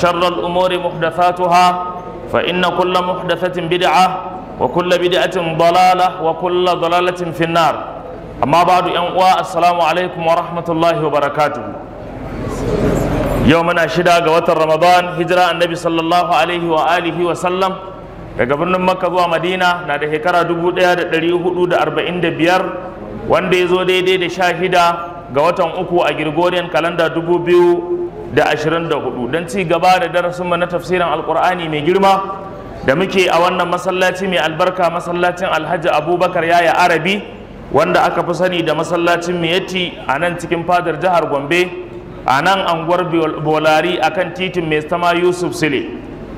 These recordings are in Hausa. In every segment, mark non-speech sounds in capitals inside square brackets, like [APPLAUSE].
وشر الأمور محدثاتها فإن كل محدثة بدعة وكل بدعة ضلالة وكل ضلالة في النار أما بعد أنواع السلام عليكم ورحمة الله وبركاته يومنا شدا قوات رمضان هجرة النبي صلى الله عليه وآله وسلم daga birnin makka zuwa madina na da shekara 1445 wanda ya zo daidai da sha shida ga watan uku a girgoriyar kalanda 2000 da ashirin da hudu don ci gaba da darasinmu na tafsirin alkur'ani mai girma da muke a wannan masallaci mai albarka masallacin alhaji abubakar yaya arabi wanda aka fi sani da masallacin yati a nan cikin fadar jihar gombe a nan anguwar bolari a kan titin mai sama yusuf sile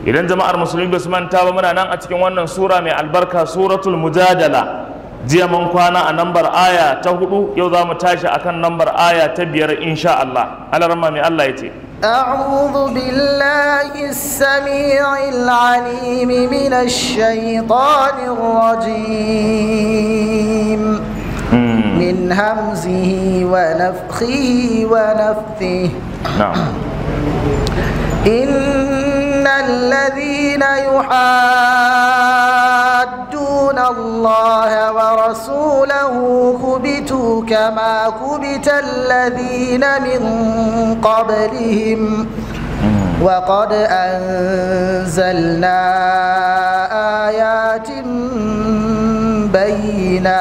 idan jama'ar musulmi ba su manta ba muna nan a cikin wannan sura mai albarka suratul mujadala jiya mun kwana a nambar aya ta hudu yau za mu tashi akan nambar aya ta biyar insha Allah alarma mai Allah ya ce أعوذ بالله السميع العليم من الشيطان الرجيم hmm. من همزه ونفخه ونفثه نعم إن الذين الله ورسوله كبتوا كما كبت الذين من قبلهم وقد أنزلنا آيات بينات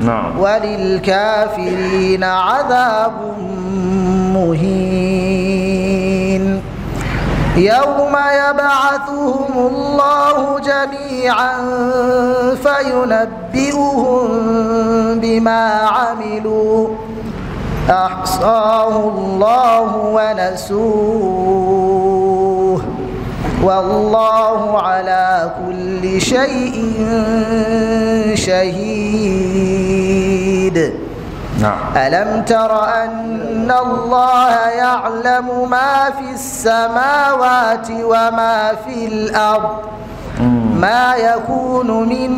نعم. وللكافرين عذاب مهين يوم يبعثهم الله جميعا فينبئهم بما عملوا احصاه الله ونسوه والله على كل شيء شهيد نعم ألم تر أن الله يعلم ما في السماوات وما في الأرض ما يكون من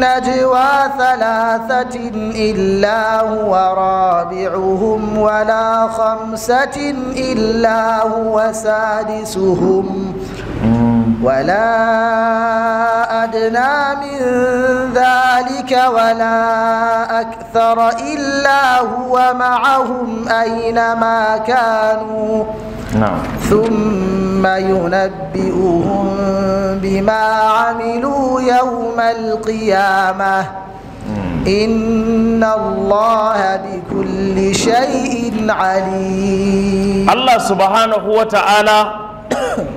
نجوى ثلاثة إلا هو رابعهم ولا خمسة إلا هو سادسهم ولا أدنى من ذلك ولا أكثر إلا هو معهم أينما كانوا نعم ثم ينبئهم بما عملوا يوم القيامة إن الله بكل شيء عليم الله سبحانه وتعالى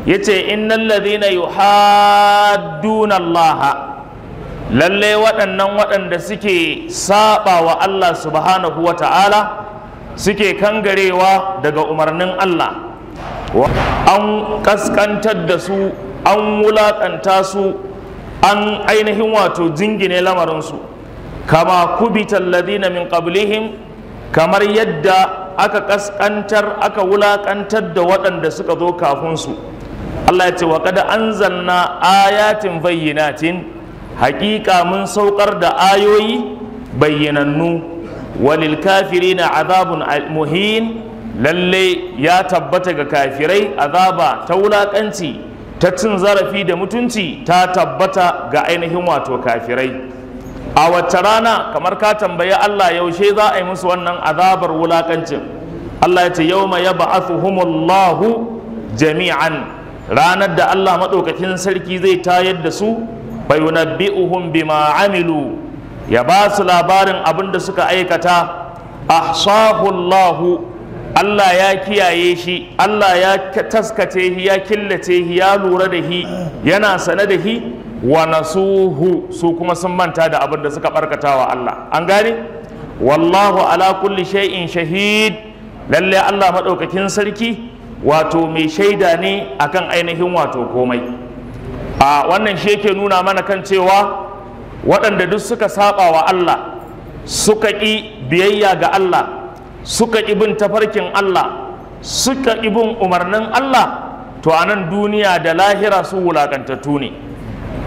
yace innal ladhina yuhadduna Allah lalle waɗannan waɗanda suke saba wa Allah subhanahu wa ta'ala suke kangarewa daga umarnin Allah an ƙasƙantar da su an wulaƙanta su an ainihin wato jingine lamarinsu kama kubitan ladina min qablihim kamar yadda aka kaskantar aka wulakantar da waɗanda suka zo kafin Allah ya ce wa kada zanna ayatin bayyinatin haƙiƙa mun saukar da ayoyi bayyanannu walil kafiri na azabun muhin lalle ya tabbata ga kafirai azaba ta wulakanci ta cin zarafi da mutunci ta tabbata ga ainihin wato kafirai a wacce rana kamar ka tambayi Allah yaushe za a yi musu wannan azabar wulakancin Allah ya ce yawma yab'athuhumullahu jami'an ranar da Allah maɗaukakin sarki zai tayar da su bai fayunabbi'uhum bima amilu ya ba su labarin abin da suka aikata ahsahullahu Allah ya kiyaye shi Allah ya taskace shi ya killace shi ya lura da shi yana sane da shi wa nasuhu su kuma sun manta da abin da suka barkata wa Allah an gani? wallahu ala kulli shay'in shahid lalle Allah madaukakin sarki wato mai shaida ne akan ainihin wato komai a wannan shi yake nuna mana kan cewa waɗanda duk suka saba wa Allah suka ƙi biyayya ga Allah suka ƙi bin tafarkin Allah suka ƙi bin umarnin Allah to anan duniya da lahira su wulaƙantattu ne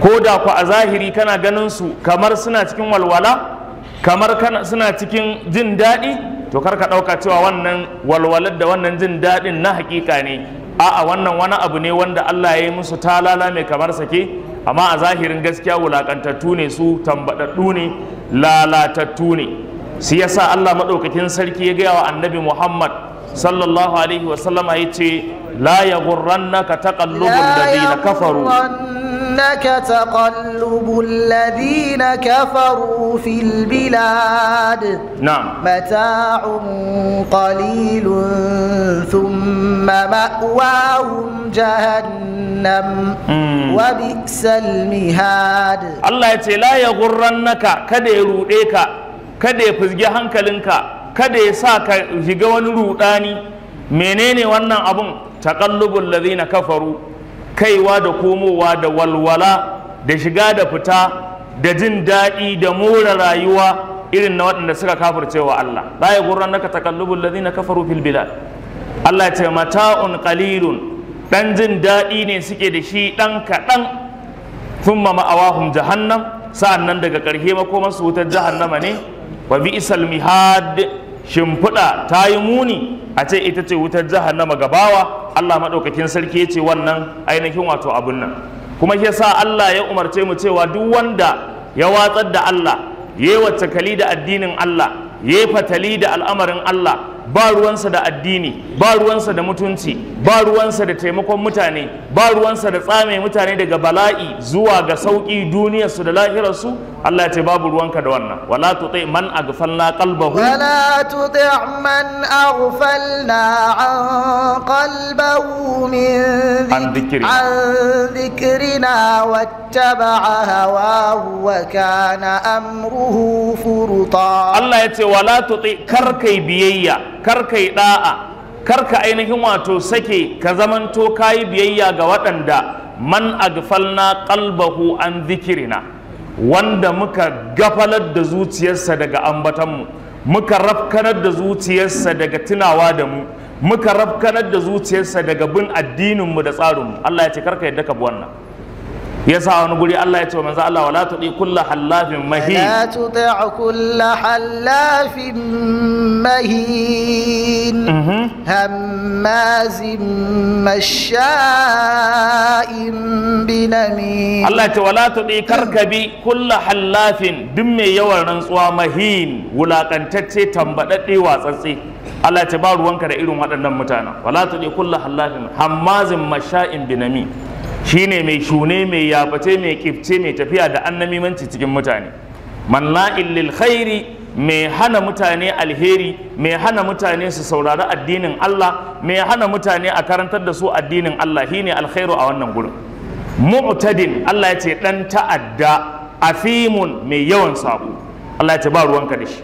ko da ku a zahiri kana ganin su kamar suna cikin walwala kamar suna cikin jin daɗi to kar ka ɗauka cewa wannan walwalar da wannan jin daɗin na haƙiƙa ne a'a wannan wani abu ne wanda Allah ya yi musu talala mai kamar sake amma a zahirin gaskiya wulaƙantattu ne su tambaɗaɗɗu ne lalatattu ne shi yasa Allah maɗaukakin sarki ya gaya wa annabi Muhammad sallallahu alaihi wasallama ya ce la ya taqallubul ladina kafaru يغرنك تقلب الذين كفروا في البلاد نعم متاع قليل ثم مأواهم جهنم وبئس المهاد الله يتي لا يغرنك كده يروديك كده يفزجي هنكلنك كده يساك يجي wani rudani menene wannan abun taqallubul ladina kafaru kaiwa da komowa da walwala da shiga da fita da jin daɗi da more rayuwa irin na waɗanda suka kafircewa Allah la yaghurran naka taqallubul ladina kafaru fil bilad Allah ya ce mata'un qalilun dan jin daɗi ne suke da shi dan kaɗan thumma ma'awahum jahannam sa'annan daga ƙarshe su wutar jahannama ne wa bi'sal mihad shimfiɗa ta yi muni a ce ita ce wutar jihar na magabawa? Allah maɗaukakin sarki ya ce wannan ainihin wato abin nan kuma ke sa Allah ya umarce mu cewa duk wanda ya watsar da Allah ya yi wacce kali da addinin Allah ya yi fatali da al'amarin Allah ba ruwansa da addini ba ruwansa da mutunci ba ruwansa da taimakon mutane ba ruwansa da tsame mutane daga bala'i zuwa ga sauƙi duniyarsu da lahirarsu Allah ce babu ruwanka da wannan wala tuti man aghfalna qalbahu wala tuti man aghfalna qalbahu min an dhikrina an dhikrina wattaba'a hawahu wa kana amruhu furta Allah ya ce wala tuti karkai biyayya kar ka yi da'a kar ka ainihin wato sake ka zamanto ka yi biyayya ga waɗanda man agfalna ƙalbahu an zikirina wanda muka gafalar da zuciyarsa daga ambatanmu muka rafkanar da zuciyarsa daga tunawa da mu muka rafkanar da zuciyarsa daga bin addininmu da tsarinmu Allah ya ce karka yadda ka bi wannan Ya sa wani guri Allah ya ce wa manzo Allah wala tudi kullu hallafin mahi la tudi kullu hallafin mahin mm-hmm. hammazin masha'in binami Allah ya ce wala tudi karkabi kullu hallafin duk mai yawan rantsuwa mahin wulakantacce tambadadde watsatse Allah ya ce ba ruwanka da irin waɗannan mutanen wala tudi kullu hallafin hammazin masha'in binami shine mai shune mai yaface mai kifce mai tafiya da annamimanci cikin mutane manna'il lil khairi mai hana mutane alheri mai hana mutane su saurari addinin Allah mai hana mutane a karantar da su addinin Allah shine alkhairu a wannan gurin mu'tadin Allah ya ce dan ta'adda afimun mai yawan sabo Allah ya ce ba ruwanka da shi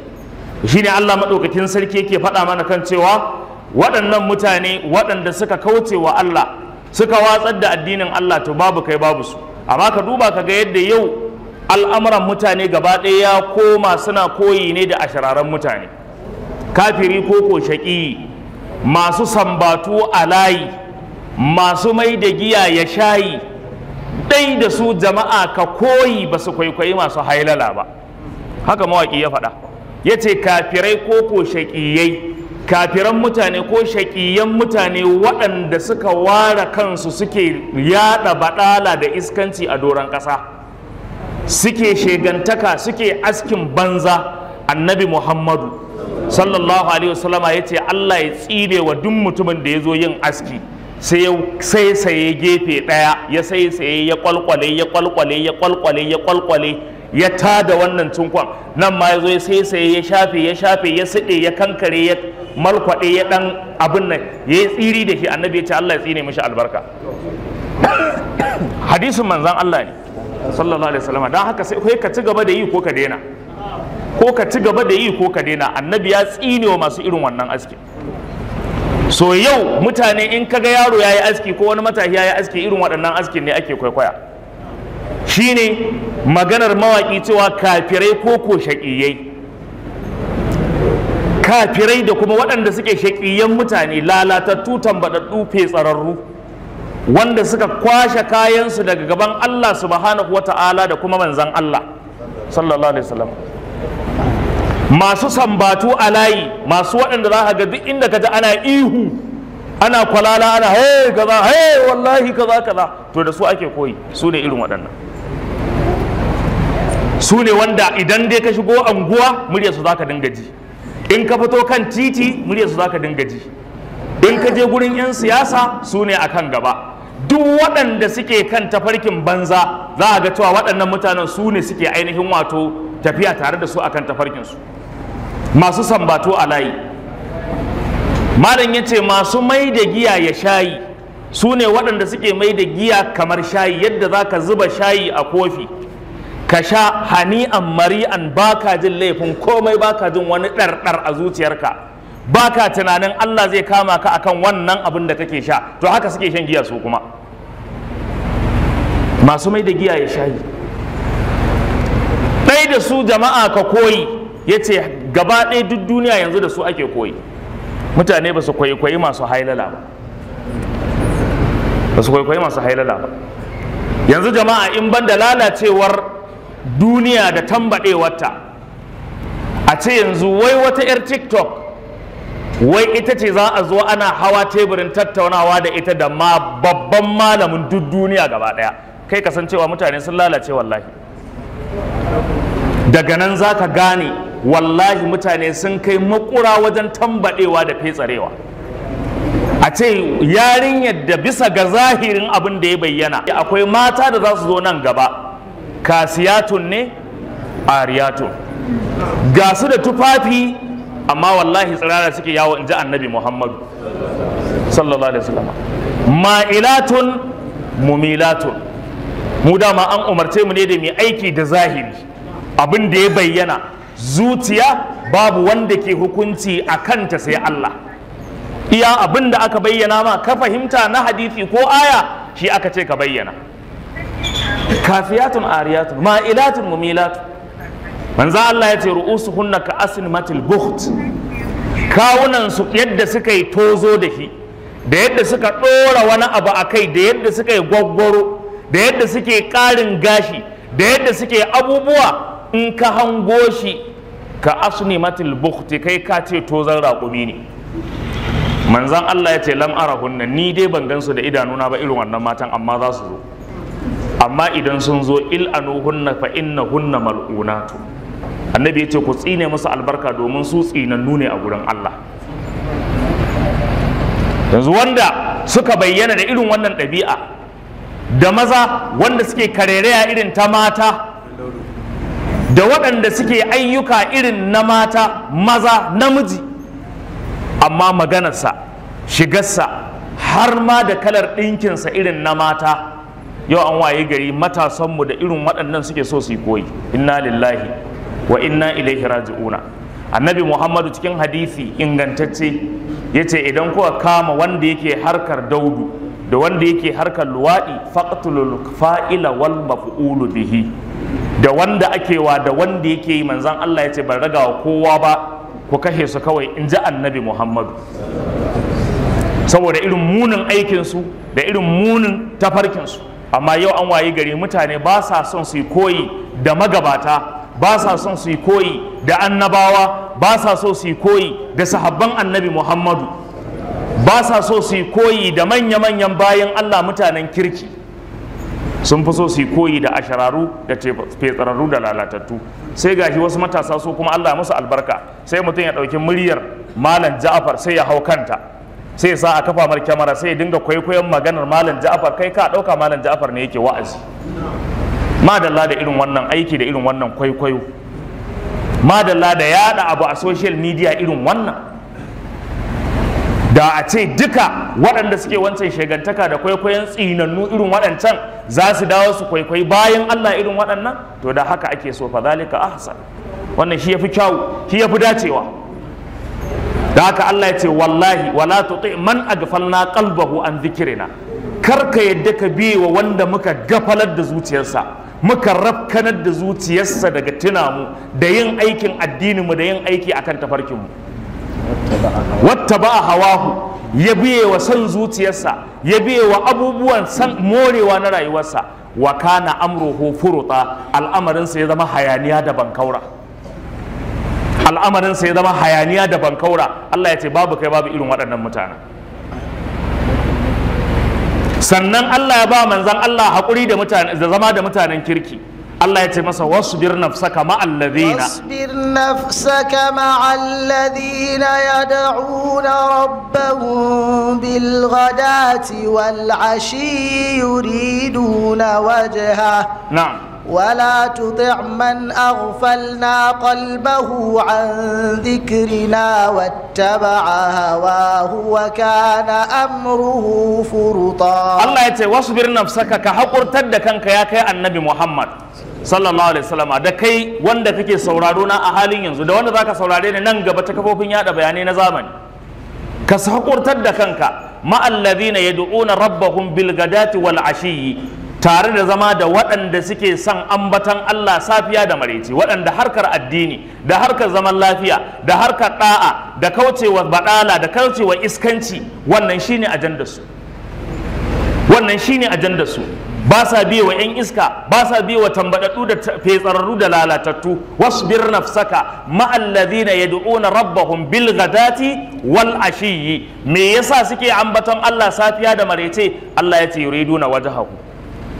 shine Allah madaukakin sarki yake faɗa mana kan cewa waɗannan mutane waɗanda suka kauce wa Allah suka watsar da addinin Allah to babu kai babu su amma ka duba ka ga yadda yau al'amuran mutane gaba ɗaya ya koma suna koyi ne da ashiraren mutane kafiri ko ko shaƙi masu sambatu a layi masu mai da giya ya shayi ɗai da su jama'a ka koyi ba su kwaikwayi masu hailala ba haka mawaƙi ya faɗa ya ce kafirai ko ko shaƙiyai kafiran mutane ko shaƙiyan mutane waɗanda suka ware kansu suke yada baɗala da iskanci a doron ƙasa suke shegantaka suke askin banza annabi muhammadu sallallahu alaihi wasallama ya ce allah ya tsire wa duk mutumin da ya zo yin aski sai sai saye gefe ɗaya ya sai saye ya kwalkwale ya kwalkwale ya kwalkwale ya kwalkwale ya tada wannan tunkon nan ma ya zo ya sai sai ya shafe ya shafe ya siɗe ya kankare ya malkwaɗe ya ɗan abin nan ya yi tsiri da shi annabi ya ce Allah ya tsine mishi albarka [COUGHS] hadisin manzan Allah ne sallallahu alaihi wasallam don haka sai ka ci gaba da yi ko ka daina ko ka ci gaba da yi ko ka daina annabi ya tsine wa masu irin wannan aski so yau mutane in kaga yaro yayi aski ko wani matashi yayi aski irin waɗannan askin ne ake kwaikwaya shine maganar mawaƙi cewa kafirai ko ko shaƙiyai kafirai da kuma waɗanda suke shaƙiyan mutane lalatattu tambaɗaɗɗu tsararru, wanda suka kwashe kayansu daga gaban Allah subhanahu wa ta'ala da kuma manzan Allah sallallahu alaihi wasallam masu sambatu a layi masu waɗanda za ga duk inda ka ji ana ihu ana kwalala ana hey kaza hey wallahi kaza kaza to da su ake koyi su ne irin waɗannan su ne wanda idan dai ka shigo anguwa muryarsu za ka dinga ji in ka fito kan titi muryarsu za ka dinga ji in ka je gurin 'yan siyasa su ne a kan gaba duk waɗanda suke kan tafarkin banza za a ga cewa waɗannan mutanen su ne suke ainihin wato tafiya tare da su akan tafarkinsu masu sambato a layi malam ya ce masu mai da giya ya shayi su ne waɗanda suke mai da giya kamar shayi yadda za ka zuba shayi a kofi ka sha hani'an mari'an baka jin laifin komai baka jin wani ɗarɗar a zuciyarka baka tunanin Allah zai kama ka akan wannan abin da kake sha to haka suke shan giya su kuma masu mai da giya ya shayi Ɗai da su jama'a ka koyi ya ce gaba ɗaya duk duniya yanzu da su ake koyi mutane ba su kwaikwayi masu hailala ba ba su kwaikwayi masu hailala ba yanzu jama'a in ban da lalacewar duniya da tambaɗewarta a ce yanzu wai wata 'yar tiktok wai ita ce za a zo ana hawa teburin tattaunawa da ita da ma babban malamin duk duniya gaba ɗaya kai kasancewa mutane sun lalace wallahi daga nan za ka gane wallahi mutane sun kai makura wajen tambaɗewa da fetsarewa a ce yarinyar da bisa ga zahirin abin da ya bayyana akwai mata da za su zo nan gaba kasiyatun ne ariyatun ga su da tufafi amma wallahi tsirara suke yawo in ji annabi muhammadu sallallahu alaihi wasallam ma'ilatun mumilatun mu dama an umarce mu ne da mai aiki da zahiri abin da ya bayyana zuciya babu wanda ke hukunci a kanta sai Allah iya abin da aka bayyana ma ka fahimta na hadisi ko aya shi aka ce ka bayyana kafiyatun ariyatun ma'ilatun mumilatun manzo Allah ya ce hunna ka asnimatil bukht kawunan su yadda suka yi tozo da shi da yadda suka ɗora wani abu a kai da yadda suka yi gwaggwaro da yadda suke ƙarin gashi da yadda suke abubuwa in ka hango shi ka asni matil bukti kai ka ce tozan raƙumi ne manzan Allah ya ce lam arahunna ni dai ban gansu da idanuna ba irin wannan matan amma za su zo amma idan sun zo il il'anuhunna fa hunna mal'unatu annabi yace ku tsine musu albarka domin su tsinannu ne a gurin Allah yanzu wanda suka bayyana da irin wannan ɗabi'a da maza wanda suke karereya irin ta mata da waɗanda suke ayyuka irin na mata maza namiji amma maganarsa shigarsa har ma da kalar ɗinkinsa irin na mata yau an waye gari matasanmu da irin waɗannan suke so su yi koyi inna lillahi wa inna ilaihi raji'una annabi muhammadu cikin hadisi ingantacce ya ce idan kuka kama wanda yake harkar daudu da wanda yake harkar luwaɗi faqtulul fa'ila wal maf'ulu bihi da wanda ake wa da wanda yake yi manzan Allah ya ce ban ragawa kowa ba ku kashe su kawai in ji annabi Muhammadu saboda irin munin aikinsu da irin munin tafarkinsu amma yau an wayi gari mutane ba sa son su yi koyi da magabata ba sa son su yi koyi da annabawa ba sa so su yi koyi da sahabban annabi muhammadu ba sa so su yi koyi da manya-manyan bayan allah mutanen kirki sun fi so su yi koyi da ashararu da fetsararru da lalatattu sai gashi wasu matasa so kuma allah musu albarka sai mutum ya ɗauki muryar malam ja'afar sai ya hau kanta sai sa a kafa mar kyamara sai dinga kwaikwayon maganar malam ja'afar kai ka ɗauka malam ja'afar ne yake wa'azi madalla da irin wannan aiki da irin wannan kwaikwayo madalla da yada abu a social media irin wannan da a ce duka waɗanda suke wancan shegantaka da kwaikwayon tsinannu irin waɗancan za su dawo su kwaikwayi bayan Allah irin waɗannan to da haka ake so fa zalika ahsan wannan shi yafi kyawu shi yafi dacewa da haka Allah ya ce wallahi wala tuti man aghfalna qalbahu an dhikrina kar ka yadda ka biye wa wanda muka gafalar da zuciyarsa muka rafkanar da zuciyarsa daga tuna mu da yin aikin addini mu da yin aiki akan tafarkin mu wattaba hawahu ya biye wa son zuciyarsa ya biye wa abubuwan san morewa na rayuwarsa wa kana amruhu furuta al'amarinsa ya zama hayaniya da bankaura al'amarin ya zama hayaniya da bankaura Allah ya ce babu kai babu irin waɗannan mutanen sannan Allah ya ba manzan Allah haƙuri da zama da mutanen kirki Allah ya ce masa wasbir nafsaka ma'alladina ladina wasbir nafsaka ma'al ladina yad'una rabbahum bil ghadati wal ashi yuriduna wajha na'am ولا تطع من أغفلنا قلبه عن ذكرنا واتبع هواه وكان أمره فرطا الله يتي واصبر نفسك كحقر تدكنك يا كي النبي محمد sallallahu alaihi wasallama da kai wanda kake sauraro a halin yanzu da wanda zaka saurare ni nan gaba ta kafofin yada bayanai na zamani ka sakurtar da kanka ma'allazina yad'una rabbahum bil gadati wal ashiyi tare da zama da waɗanda suke son ambatan Allah safiya da maraici waɗanda harkar addini da harkar zaman lafiya da harkar ɗa'a da kaucewa baɗala da kaucewa iskanci wannan shine ajandarsu wannan shine ajandarsu ba sa biye wa 'yan iska ba sa biye wa tambaɗaɗɗu da fetsararru da lalatattu wasu wasbir nafsaka ma'allazina yad'una rabbahum bil ghadati wal ashiyyi me yasa suke ambaton Allah safiya da maraice Allah ya ce yuriduna wajhahu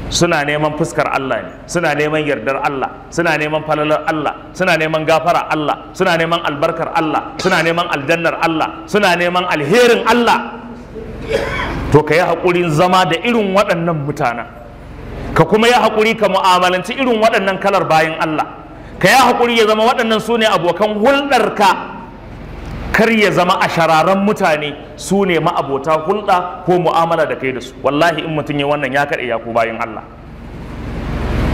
suna neman fuskar Allah ne suna neman yardar Allah suna neman falalar Allah suna neman gafara Allah suna neman albarkar Allah suna neman aljannar Allah suna neman alherin Allah to ka yi haƙurin zama da irin waɗannan mutanen ka kuma yi haƙuri ka mu'amalanci irin waɗannan kalar bayan Allah ka yi haƙuri ya zama waɗannan su ne abokan hulɗarka kar ya zama a shararan mutane su ne ma'abota hulɗa ko mu'amala da kai da su wallahi in mutum ya wannan ya kaɗe ya ku bayan Allah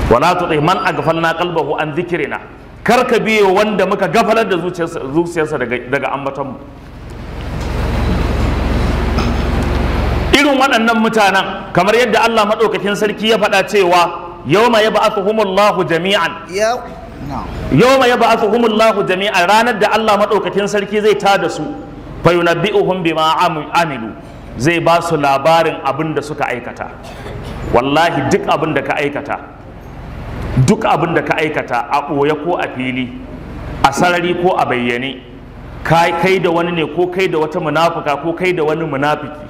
wala tuɗi man a kalba ko an zikirina. kar ka biyo wanda muka gafalar da zuciyarsa daga ambaton mu irin waɗannan mutanen kamar yadda Allah maɗaukakin sarki ya faɗa cewa Yau yawma yab'athuhumullahu jami'an yawma yab'athuhumullahu jami'a ranar da Allah maɗaukakin sarki zai tada su fayunabbi'uhum bima amilu zai ba su labarin abin da suka aikata wallahi duk abin da ka aikata duk abin da ka aikata a ɓoye ko a fili a sarari ko a bayyane kai da wani ne ko kai da wata munafuka ko kai da wani munafiki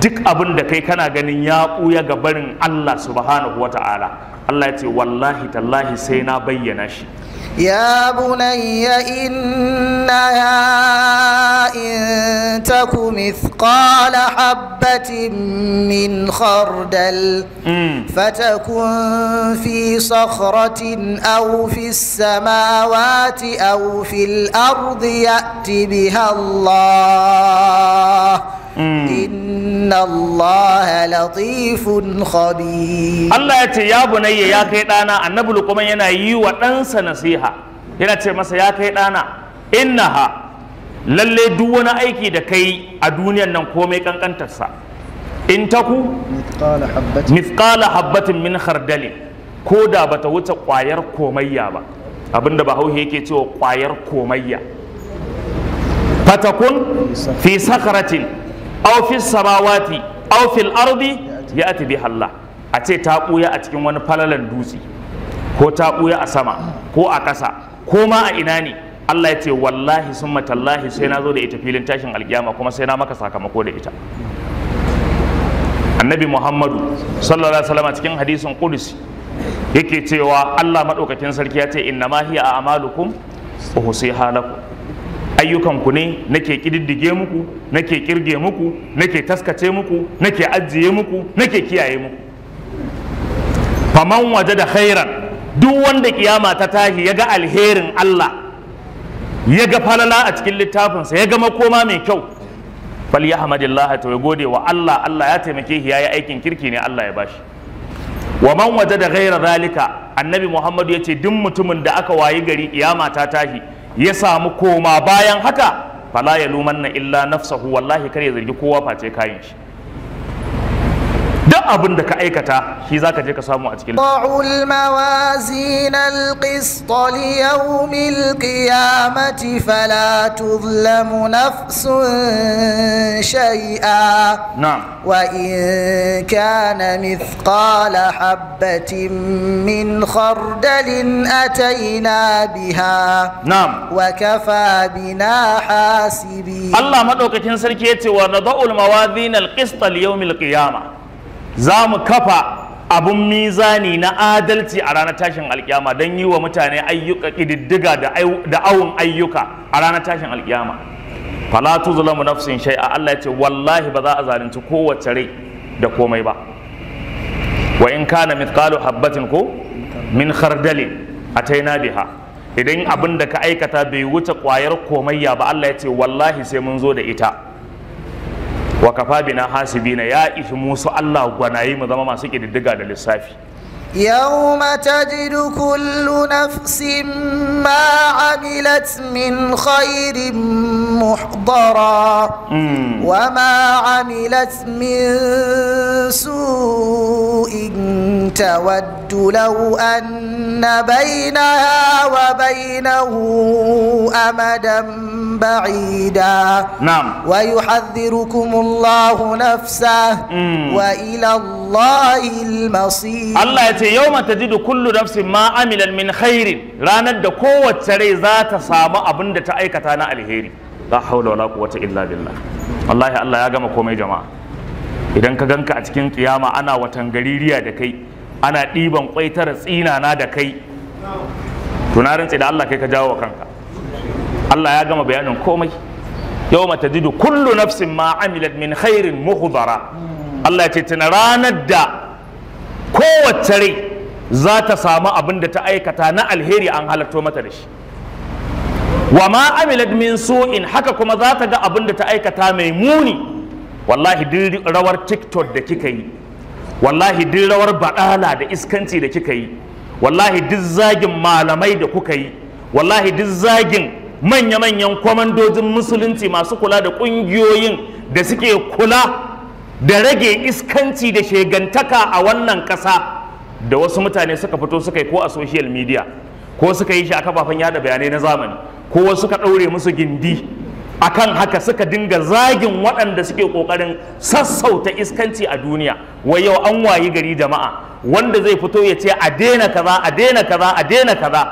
duk abin da kai kana ganin ya ɓuya ga barin Allah subhanahu wa ta'ala الله يتي والله تالله سينا sai يا بني إنها إن تك مثقال حبة من خردل فتكن في صخرة أو في السماوات أو في الأرض يأت بها الله Allah ya ce ya bunayya ya kai ɗana annabi luqman yana yi wa ɗansa nasiha yana ce masa ya kai inna innaha lalle duk wani aiki da kai a duniyan nan komai ƙanƙantarsa in taku mithqala habbatin min khardali ko da bata wuce kwayar komayya ba abinda ba hauhe yake cewa kwayar komayya fatakun fi sakaratin aw fi samawati aw fil ardi ya'ti biha Allah a ce ta buya a cikin wani falalan dutse ko ta buya a sama ko a ƙasa ko ma a ina ne Allah ya ce wallahi summa tallahi sai na zo da ita filin tashin alkiyama kuma sai na maka sakamako da ita annabi muhammadu sallallahu alaihi wasallam cikin hadisin qudsi yake cewa Allah madaukakin sarki ya ce inna ma hiya a'malukum uhsiha lakum ayyukanku ne nake kididdige muku nake kirge muku nake taskace muku nake ajiye muku nake kiyaye muku faman waje da khairan duk wanda kiyama ta tahi ya ga alherin Allah ya ga falala a cikin littafinsa ya ga makoma mai kyau fal ya hamadillaha gode wa Allah Allah ya taimake shi yayi aikin kirki ne Allah ya bashi wa man waje da ghaira zalika annabi Muhammadu ya ce duk mutumin da aka wayi gari kiyama ta tahi ya samu koma bayan haka fala ya luman na illa nafsahu wallahi kar ya zargi kowa face kayan shi duk abin da ka aikata shi zaka je ka samu a cikin ba'ul mawazin alqist li yawm alqiyamati fala tuzlamu nafsun shay'a na'am wa in kana mithqala habatin min khardalin ataina biha na'am wa kafa bina hasibi Allah madaukakin sarki yace wa nada'ul mawazin alqist li yawm alqiyamah za mu kafa abun mizani na adalci a ranar tashin alkiyama don yi wa mutane ayyuka ƙididdiga da awon ayyuka a ranar tashin alkiyama fala mu nafsin shai. A Allah ya ce wallahi ba za a zalunci kowace rai da komai ba wa in kana mithqalu habbatin ko min khardalin ataina biha idan abin da ka aikata bai wuce kwayar komayya ba Allah ya ce wallahi sai mun zo da ita wa kafa bina hasibina ya ishi musu Allah gwanayi mu zama masu kididdiga da lissafi يوم تجد كل نفس ما عملت من خير محضرا وما عملت من سوء تود لو أن بينها وبينه أمدا بعيدا نعم ويحذركم الله نفسه وإلى الله المصير الله ce yau mata ji da kullu nafsin ma amilan min khairin ranar da kowace rai za ta samu abin da ta aikata na alheri la haula wala quwwata illa billah wallahi Allah ya gama komai jama'a idan ka ganka a cikin kiyama ana watan gaririya da kai ana ɗiban kwai tara na da kai tunarin da Allah kai ka jawo wa kanka Allah ya gama bayanin komai yau mata ji da kullu nafsin ma amilat min khairin muhdara Allah ya ce tana ranar da kowace rai za ta samu abin da ta aikata na alheri an halatto mata da shi wa ma amilat min su'in haka kuma za ta ga abin da ta aikata mai muni wallahi duk rawar tiktok da kika yi wallahi duk rawar badala da iskanci da kika yi wallahi duk zagin malamai da kuka yi wallahi duk zagin manya-manyan kwamandojin musulunci masu kula da ƙungiyoyin da suke kula da rage iskanci da shegantaka a wannan ƙasa da wasu mutane suka fito suka yi ko a social media ko suka yi shi a kafafen yada bayanai na zamani ko wasu ka ɗaure musu gindi akan haka suka dinga zagin waɗanda suke ƙoƙarin sassauta iskanci a duniya wai yau an wayi gari jama'a wanda zai fito ya ce a daina kaza a daina kaza a daina kaza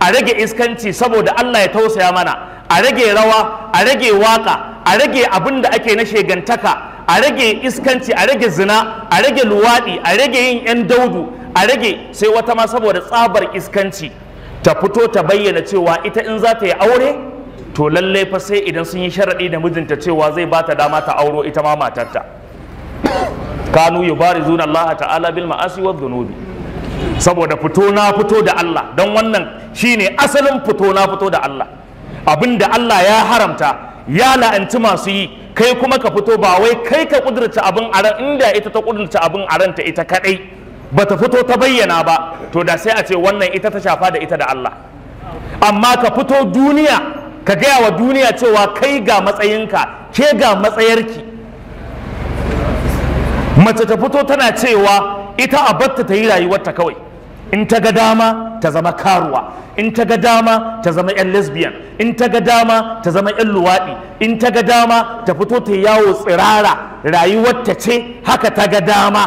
a rage iskanci saboda Allah ya tausaya mana a rage rawa a rage waka a rage abin da ake na shegantaka a rage iskanci a rage zina a rage luwaɗi a rage yin 'yan daudu a rage sai wata ma saboda tsabar iskanci ta fito ta bayyana cewa ita in za ta yi aure to lallai fa sai idan sun yi sharaɗi da mijinta cewa zai ba ta dama ta auro ita ma matarta kanu yubarizuna Allah ta'ala bil ma'asi wa dhunubi saboda fito na fito da Allah don wannan shine asalin fito na fito da Allah abinda Allah ya haramta ya la'anci masu yi kai kuma ka fito ba wai kai ka kudurci abin aran inda ita ta kudurci abin ta ita kadai ba ta fito ta bayyana ba to da sai a ce wannan ita ta shafa da ita da Allah amma ka fito duniya ka gaya wa duniya cewa kai ga matsayinka ke ga matsayarki mace ta fito tana cewa ita a batta ta yi rayuwarta kawai in ta ga dama ta zama karuwa in ta ga dama ta zama 'yan lesbian in ta ga dama ta zama 'yan luwaɗi in ta ga dama ta fito ta yawo tsirara rayuwarta ce haka ta ga dama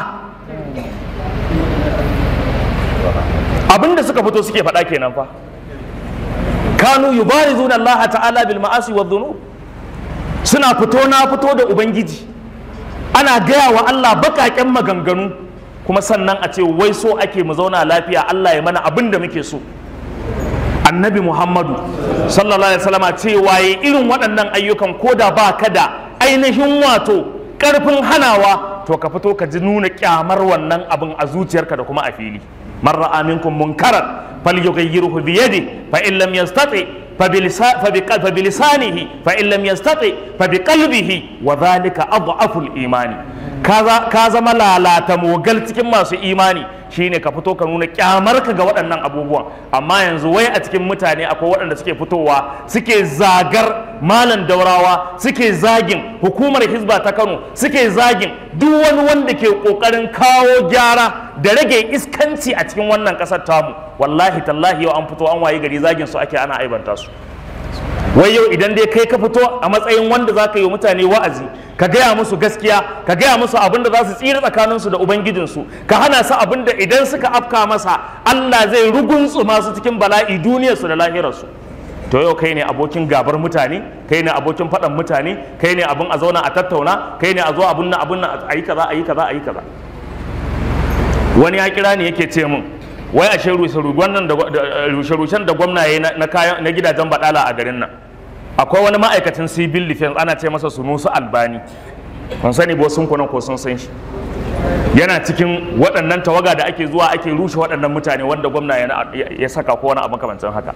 abinda suka fito suke faɗa kenan fa kanu yubarizuna Allah ta'ala bil ma'asi wa dhunub suna fito na fito da ubangiji ana gaya wa Allah baƙaƙen maganganu kuma sannan a ce wai so ake mu zauna lafiya Allah ya mana abin da muke so annabi muhammadu sallallahu alaihi wasallama cewa yi irin waɗannan ayyukan ko da ba ka da ainihin wato ƙarfin hanawa to ka fito ka ji nuna ƙyamar wannan abin a zuciyarka da kuma a fili man ra'a minkum munkaran falyughayyirhu bi yadihi fa in lam yastati فبلسانه فإن لم يستطع فبقلبه وذلك imani. ka zama lalata mogal cikin masu imani shine ka fito ka nuna kyamarka ga waɗannan abubuwan amma yanzu wai a cikin mutane akwai waɗanda suke fitowa suke zagar malam daurawa suke zagin hukumar hizba ta kano suke zagin duk wani wanda ke ƙoƙarin kawo gyara da rage iskanci a cikin wannan ƙasar tamu wallahi tallahi yau an fito an wayi gari zagin su ake ana aibanta su wai yau idan dai kai ka fito a matsayin wanda za ka yi mutane wa'azi ka gaya musu gaskiya ka gaya musu abin da za su tsira tsakaninsu da ubangijinsu ka hana su abin da idan suka afka masa allah zai rugunsu masu cikin bala'i duniyarsu da lahirarsu to yau kai ne abokin gabar mutane kai ne abokin faɗan mutane kai ne abin a zauna a tattauna kai ne a zo abin na abin na a yi kaza a yi kaza a yi kaza wani ya kira ni yake ce min wai ashe rushe-rushen da gwamna na gidajen baɗala a garin nan akwai wani ma'aikacin civil defense ana ce masa sunusu albani kun sani ba sun kuna ko sun san shi yana cikin waɗannan tawaga da ake zuwa ake rushe waɗannan mutane wanda gwamna ya saka ko wani abu makamancin haka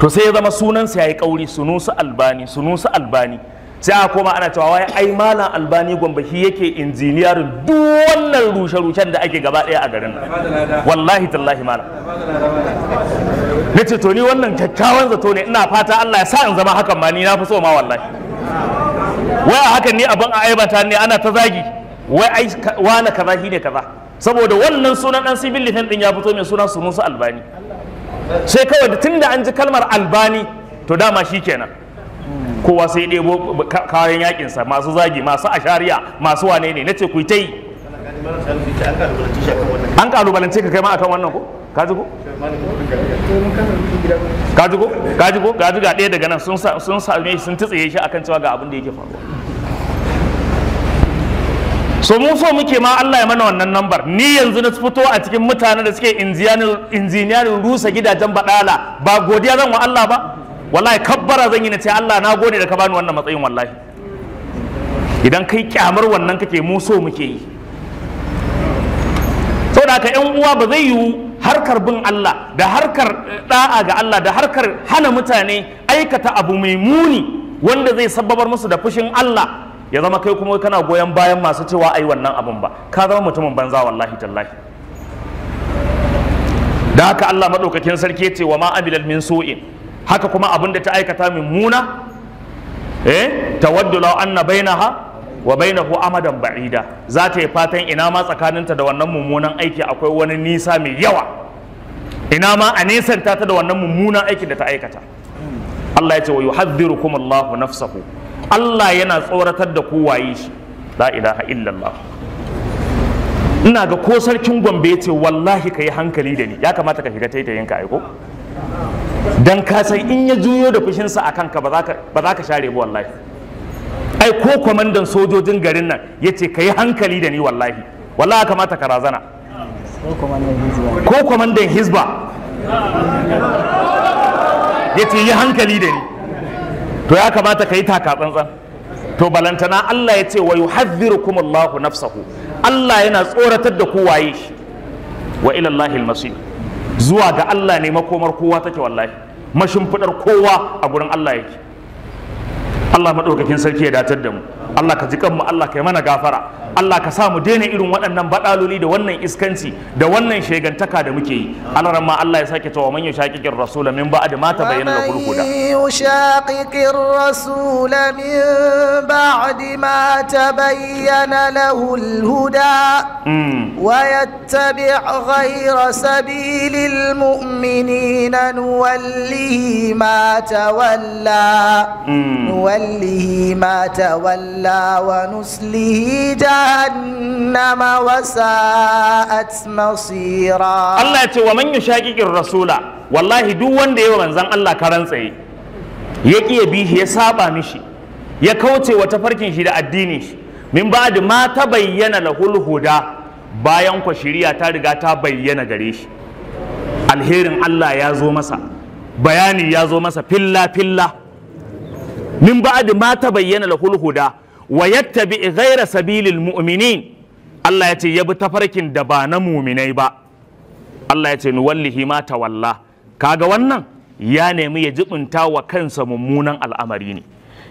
to sai ya zama sunansa ya yi kauri sunusu albani sunusu albani sai a koma ana cewa wai ai malam albani gombe shi yake injiniyar duk wannan rushe-rushen da ake gaba ɗaya a garin wallahi tallahi malam na ce to wannan kyakkyawan zato ne ina fata Allah ya sa in zama hakan ma ni na fi so ma wallahi wai a hakan ne abin a aibata ne ana ta zagi wai ai wani kaza shi ne kaza saboda wannan sunan dan civil defense din ya fito mai sunan su musa albani sai kawai tunda an ji kalmar albani to dama shi kenan kowa sai ɗebo kayan yakinsa masu zagi masu ashariya masu wane ne na ku yi ta yi an kalubalance ka kai ma akan wannan ko ka ɗaya daga nan sun sun sun shi akan cewa ga abin da yake faruwa so mu so muke ma Allah ya mana wannan nambar ni yanzu na fito a cikin mutanen da suke injiniyarin rusa gidajen badala ba godiya zan wa Allah ba wallahi kabbara zan yi na ce Allah na gode da ka bani wannan matsayin wallahi idan kai kyamar wannan kake mu so muke yi saboda ka yan uwa ba zai yiwu harkar bin Allah da harkar eh, da'a ga Allah da harkar hana mutane aikata abu mai muni wanda zai sababar musu da fushin Allah ya zama kai kuma kana goyon bayan masu cewa ai wannan abun ba ka zama mutumin banza wallahi tallahi da haka Allah madaukakin sarki ce wa ma amilal min su'in haka kuma abin da ta aikata muna eh tawaddu law anna bainaha wa bainahu amadan ba'ida za ta yi fatan ina ma tsakaninta da wannan mummunan aiki akwai wani nisa mai yawa ina ma a nisan ta da wannan mummunan aiki da ta aikata Allah ya ce wa yuhadhdhirukum Allahu nafsahu Allah yana tsoratar da ku waye shi la ilaha illallah ina ga ko sarkin Gombe yace wallahi ka hankali da ni ya kamata ka shiga ka aiko dan ka san in ya juyo da fushinsa akan ka ba za ka share ba wallahi ai ko kwamandan sojojin garin nan ya ce ka yi hankali da ni wallahi wallahi kamata ka razana ko kwamandan hizba ya ce yi hankali da ni to ya kamata ka yi taka tsantsan to balantana Allah ya ce wa kuma Allahu nafsahu Allah yana tsoratar da ku waye shi wa ila Allahil zuwa ga Allah ne makomar kowa take wallahi mashimfidar kowa a gurin Allah yake Allah maɗaukakin sarki ya datar da mu Allah ka ji kanmu Allah ka yi mana gafara Allah ka sa mu daina irin waɗannan baɗaloli da wannan iskanci da wannan shegantaka da muke yi alaran ma Allah ya sake cewa man yushaqiqir rasul min ba'd ma tabayyana lahu al-huda yushaqiqir rasul min ba'd ma tabayyana lahu al-huda hmm. wa yattabi' ghayra sabilil mu'minina nuwallihi ma tawalla hmm. nuwallihi ma tawalla illa wa nuslihi jahannama wa sa'at masira Allah ya ce wa man rasula wallahi duk wanda yayi manzan Allah karan tsaye ya kiye bishi ya saba mishi ya kauce wa tafarkin shi da addini shi min ba da ta bayyana lahul huda bayan ku ta riga ta bayyana gare shi alherin Allah ya zo masa bayani ya zo masa filla filla min ba da ta bayyana lahul huda wa yattabi ghaira sabilil mu'minin Allah ya ce ya bi tafarkin da ba na muminai ba Allah ya ce wallahi ma tawalla kaga wannan ya nemi ya jibinta wa kansa mummunan al'amari ne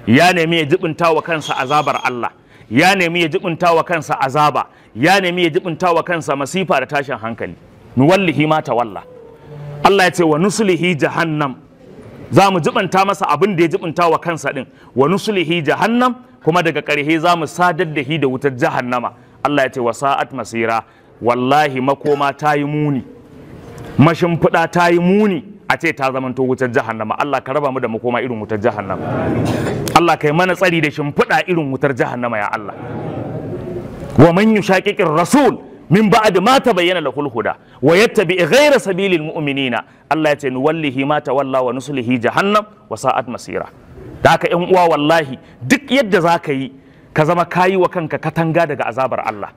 ya nemi ya jibinta wa kansa azabar Allah ya nemi ya jibinta wa kansa azaba ya nemi ya jibinta wa kansa masifa da tashin hankali wallahi ma tawalla Allah ya ce wa nuslihi jahannam za mu jibinta masa abin da ya jibinta wa kansa din wa nuslihi jahannam kuma daga ƙarshe za mu sadar da hi da wutar jahannama Allah ya ce wa sa'at masira wallahi makoma ta yi muni mashimfiɗa ta yi muni a ce ta zamanto wutar jahannama Allah ka raba mu da makoma irin wutar jahannama Allah kai mana tsari da shimfiɗa irin wutar jahannama ya Allah wa man yushaqiqir rasul min ba'd ma tabayyana lahul huda wa yattabi ghayra sabilil mu'minina Allah ya ce nuwallihi ma tawalla wa nuslihi jahannam wa sa'at masira da haka yan uwa wallahi duk yadda za ka yi ka zama kayi wa kanka katanga daga azabar Allah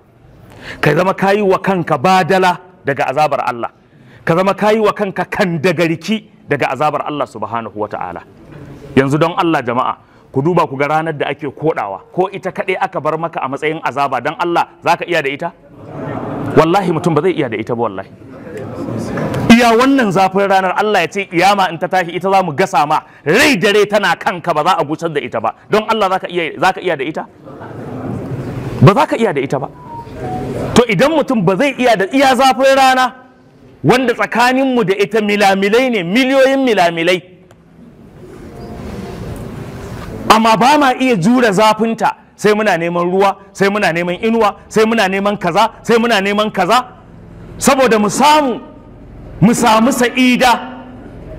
ka zama kayi wa kanka badala daga azabar Allah ka zama kayi wa kanka kandagariki daga azabar Allah subhanahu ta'ala. yanzu don Allah jama'a ku duba ku ga ranar da ake kodawa ko ita kaɗai aka bar maka a matsayin azaba don Allah za ka iya da ita wallahi mutum ba zai iya da ita ba wallahi iya wannan zafin ranar Allah ya ce kiyama in ta tashi ita za mu gasa ma rai da rai tana kanka ba za a gusar da ita ba don Allah za ka iya da ita ba za ka iya da ita ba to idan mutum ba zai iya da iya zafin rana wanda tsakanin mu da ita milamilai ne miliyoyin milamilai amma ba ma iya jure zafinta sai muna neman ruwa sai muna neman inuwa sai muna neman kaza sai muna neman kaza saboda mu samu mu samu sa'ida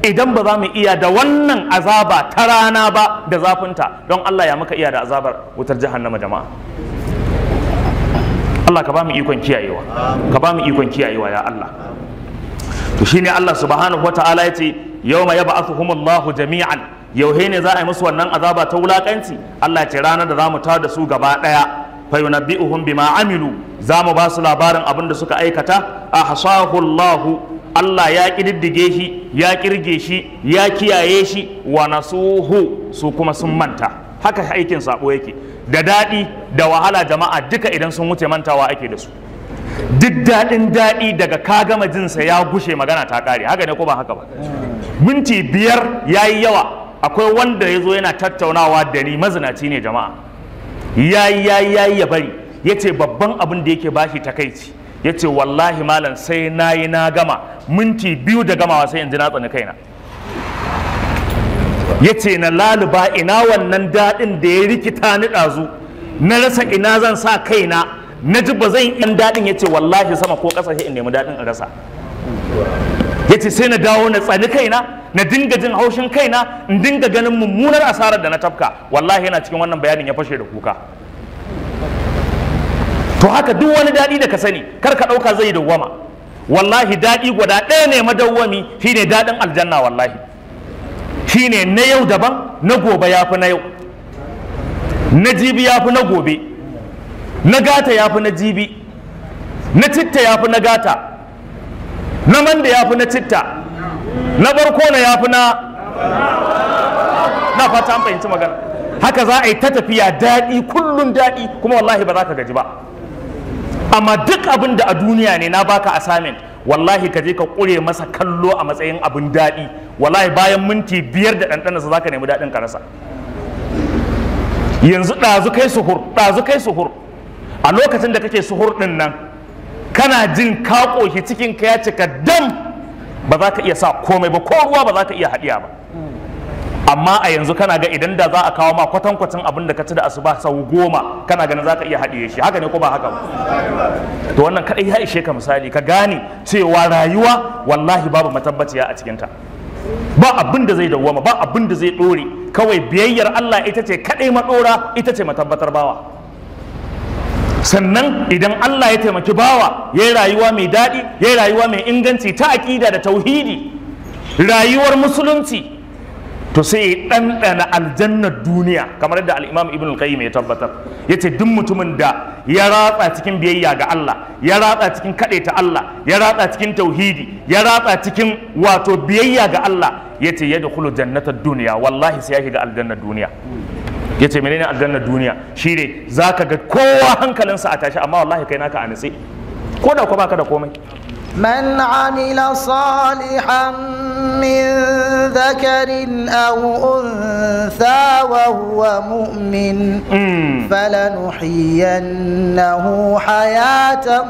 idan ba za mu iya da wannan azaba ta rana ba da zafinta don Allah ya maka iya da azabar wutar jahannama jama'a Allah ka ba mu ikon kiyayewa ka ba mu ikon kiyayewa ya Allah to shine Allah subhanahu wata'ala yace yawma yab'athuhumullahu jami'an yauhe ne za a yi musu wannan azaba ta wulakanci Allah ce ranar da za mu da su gaba daya fayunabbi'uhum bima amilu za mu ba su labarin abin da suka aikata ahsahu Allah Allah ya kididdige shi ya kirge shi ya kiyaye shi wa nasuhu su kuma sun manta haka aikin sabo yake da dadi da wahala jama'a duka idan sun wuce mantawa ake da su duk dadin dadi daga ka gama jinsa ya gushe magana ta kare, haka ne ko ba haka ba minti biyar yayi yawa akwai wanda ya zo yana tattaunawa da ni mazinaci ne jama'a yayi yayi yayi ya bari yace babban abin da yake bashi takaici yace wallahi malam sai nayi na gama minti biyu da gamawa sai yanzu na tsani kaina yace na laluba ina wannan daɗin da ya rikita ni ɗazu na rasa ina zan sa kaina na ji ba zan yi daɗin yace wallahi sama ko ƙasa sai in nemi daɗin in rasa yace sai na dawo na tsani kaina na dinga jin haushin kaina in dinga ganin mummunar asarar da na tafka wallahi yana cikin wannan bayanin ya fashe da kuka to haka duk wani daɗi da ka sani kar ka ɗauka zai dawwama wallahi daɗi guda ɗaya ne madawwami shine daɗin aljanna wallahi shine na yau daban na gobe ya fi na yau na jibi ya fi na gobe na gata ya fi na jibi na citta ya fi na gata na manda ya fi na citta na farko na yafi na na fata an fahimci magana haka za a yi ta tafiya daɗi kullum daɗi kuma wallahi ba za ka gaji ba amma duk abin da a duniya ne na baka assignment wallahi ka je ka ƙure masa kallo a matsayin abin daɗi wallahi bayan minti biyar da ɗanɗanarsa za ka nemi daɗin ka rasa yanzu ɗazu kai suhur ɗazu kai suhur a lokacin da kake suhur ɗin nan kana jin ka ƙoshi cikin ka ya cika dam ba za ka iya sa komai ba ko ruwa ba za ka iya haɗiya ba amma a yanzu kana ga idan da za a kawo ma kwatankwacin abin da ka ci da asuba sau goma kana ganin za ka iya haɗiye shi haka ne ko ba haka ba to wannan kaɗai ya ishe ka misali ka gane cewa rayuwa wallahi babu matabbaciya a cikinta ba abin da zai dawwama ba abin da zai ɗore kawai biyayyar Allah ita ce kaɗai maɗora ita ce matabbatar bawa sannan idan Allah ya taimaki bawa ya yi rayuwa mai daɗi ya yi rayuwa mai inganci ta aƙida da tauhidi rayuwar musulunci to sai ya ɗanɗana aljannar duniya kamar da al'imam ibn al-qayyim ya tabbatar ya ce duk mutumin da ya ratsa cikin biyayya ga Allah ya ratsa cikin ta Allah ya ratsa cikin tauhidi ya ratsa cikin wato biyayya ga Allah ya ce ya da jannatar duniya wallahi sai ya shiga aljannar duniya ya ce menene aljannar duniya shine za ka ga kowa hankalinsa a tashi amma wallahi kai naka a nutse ko da ko baka da komai man amila salihan من ذكر أو أنثى وهو مؤمن فلنحيينه حياة